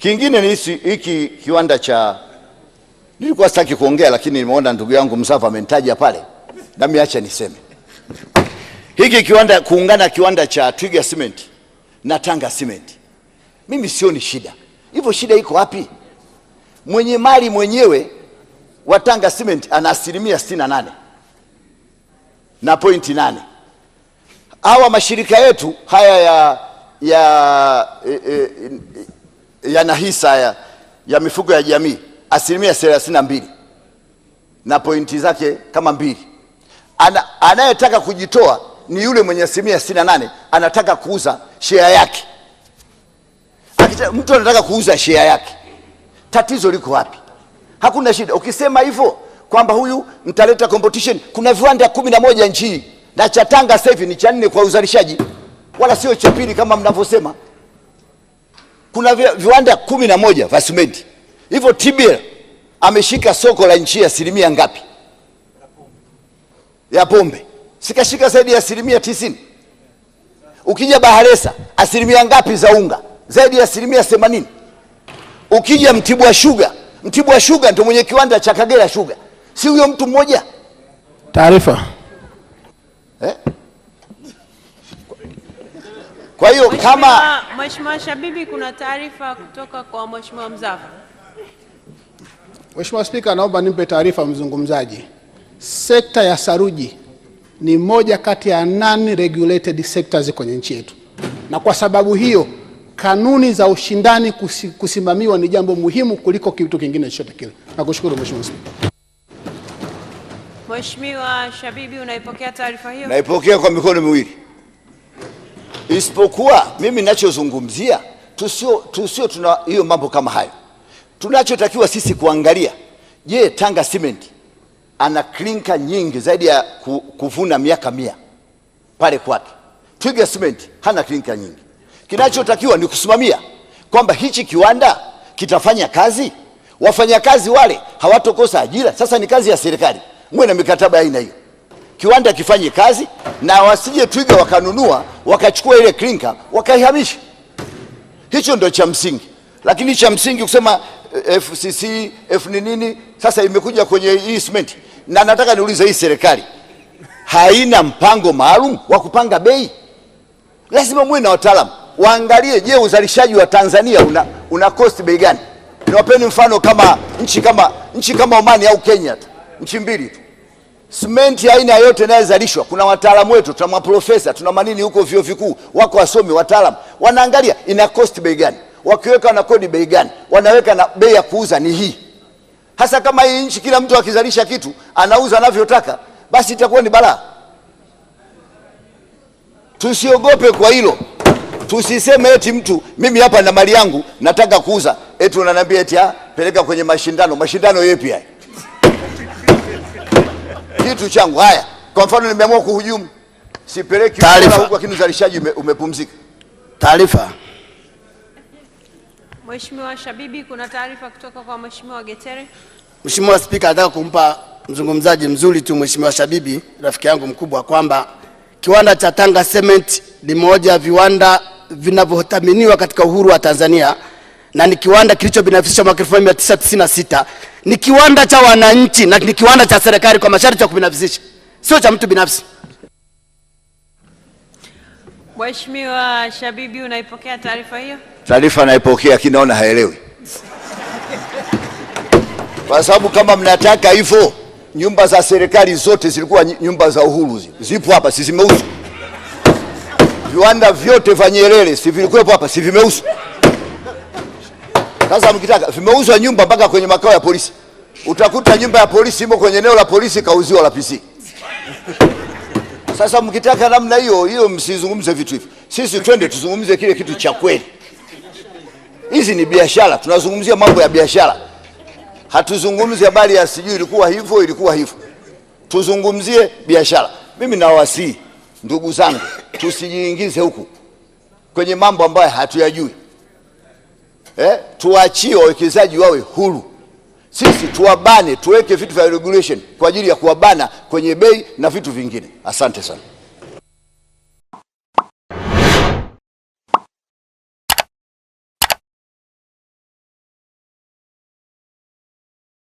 Kingine ni hiki kiwanda cha, nilikuwa sitaki kuongea, lakini nimeona ndugu yangu Msafa amenitaja pale, nami acha niseme hiki kiwanda, kuungana kiwanda cha Twiga Cement na Tanga Cement, mimi sioni shida hivyo. Shida iko wapi? Mwenye mali mwenyewe wa Tanga Cement ana asilimia sitini na nane na pointi nane. Hawa mashirika yetu haya ya, ya e, e, yana hisa ya, ya mifugo ya jamii asilimia thelathini na mbili na pointi zake kama mbili. Ana, anayetaka kujitoa ni yule mwenye asilimia sitini na nane anataka kuuza shea yake. Akita, mtu anataka kuuza shea yake, tatizo liko wapi? Hakuna shida ukisema hivyo kwamba huyu mtaleta competition. Kuna viwanda kumi na moja nchi na cha Tanga sasa hivi ni cha nne kwa uzalishaji, wala sio cha pili kama mnavyosema kuna viwanda kumi na moja vya simenti. Hivyo TBL ameshika soko la nchi ya asilimia ngapi ya pombe? Sikashika zaidi ya asilimia tisini. Ukija Baharesa asilimia ngapi za unga? Zaidi ya asilimia themanini. Ukija Mtibwa Shuga, Mtibwa Shuga ndio mwenye kiwanda cha Kagera Shuga, si huyo mtu mmoja? Taarifa eh? Kwa hiyo kama Mheshimiwa Shabibi, kuna taarifa kutoka kwa Mheshimiwa Mzafa. Mheshimiwa Spika, naomba nimpe taarifa mzungumzaji. Sekta ya saruji ni moja kati ya non regulated sectors kwenye nchi yetu, na kwa sababu hiyo kanuni za ushindani kusimamiwa ni jambo muhimu kuliko kitu kingine chochote kile. Nakushukuru Mheshimiwa Spika. Mheshimiwa Shabibi, unaipokea taarifa hiyo? Naipokea kwa mikono miwili isipokuwa mimi ninachozungumzia tusio, tusio tuna hiyo mambo kama hayo. Tunachotakiwa sisi kuangalia, je, Tanga Cement ana klinka nyingi zaidi ya kuvuna miaka mia pale kwake. Twiga Cement hana klinka nyingi. Kinachotakiwa ni kusimamia kwamba hichi kiwanda kitafanya kazi, wafanyakazi wale hawatokosa ajira. Sasa ni kazi ya serikali, muwe na mikataba ya aina hiyo kiwanda kifanye kazi na wasije twiga wakanunua wakachukua ile klinka wakaihamisha. Hicho ndo cha msingi, lakini cha msingi kusema eh, FCC F ni nini? Sasa imekuja kwenye hii simenti, na nataka niulize hii serikali haina mpango maalum wa kupanga bei? Lazima muwe na wataalamu waangalie, je, uzalishaji wa Tanzania una, una cost bei gani? Niwapeni mfano kama nchi kama nchi kama Omani au Kenya tu, nchi mbili tu. Simenti aina yote inayozalishwa, kuna wataalamu wetu, tuna maprofesa, tuna manini huko vyo vikuu, wako wasomi wataalamu, wanaangalia ina cost bei gani, wakiweka na kodi bei gani, wanaweka na bei ya kuuza ni hii hasa. Kama hii nchi kila mtu akizalisha kitu anauza anavyotaka, basi itakuwa ni balaa. Tusiogope kwa hilo, tusiseme eti mtu mimi hapa na mali yangu nataka kuuza, eti unaniambia eti ah, peleka kwenye mashindano. Mashindano yepi haya? kitu changu. Haya, kwa mfano nimeamua kuhujumu, sipeleki huko, lakini uzalishaji umepumzika. Taarifa. Mheshimiwa Shabibi, kuna taarifa kutoka kwa Mheshimiwa Getere. Mheshimiwa Spika, nataka kumpa mzungumzaji mzuri tu Mheshimiwa Shabibi, rafiki yangu mkubwa, kwamba kiwanda cha Tanga Cement ni moja ya viwanda vinavyothaminiwa katika uhuru wa Tanzania na ni kiwanda kilichobinafsishwa mwaka 1996 ni kiwanda cha wananchi na ni kiwanda cha serikali kwa masharti ya kubinafsisha, sio cha mtu binafsi. Mheshimiwa Shabibi, unaipokea taarifa hiyo? Taarifa naipokea, lakini naona haelewi kwa sababu kama mnataka hivyo, nyumba za serikali zote zilikuwa nyumba za Uhuru, zipo hapa, si zimeuzwa? Viwanda vyote vya Nyerere si vilikuwepo hapa, si vimeuzwa? Sasa mkitaka vimeuzwa nyumba mpaka kwenye makao ya polisi, utakuta nyumba ya polisi imo kwenye eneo la polisi, kauziwa la PC. Sasa mkitaka namna hiyo hiyo, msizungumze vitu hivi. Sisi twende tuzungumze kile kitu cha kweli. Hizi ni biashara, tunazungumzia mambo ya biashara, hatuzungumzi habari ya sijui ilikuwa hivyo ilikuwa hivyo, tuzungumzie biashara. Mimi nawasihi ndugu zangu, tusijiingize huku kwenye mambo ambayo hatuyajui eh, tuachie wawekezaji wawe huru. Sisi tuwabane, tuweke vitu vya regulation kwa ajili ya kuwabana kwenye bei na vitu vingine. Asante sana.